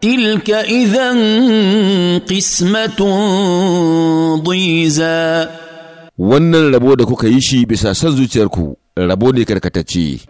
تلك اذا قسمه ضيزى wannan rabo da kuka yi shi bisa son zuciyarku rabo ne karkatacce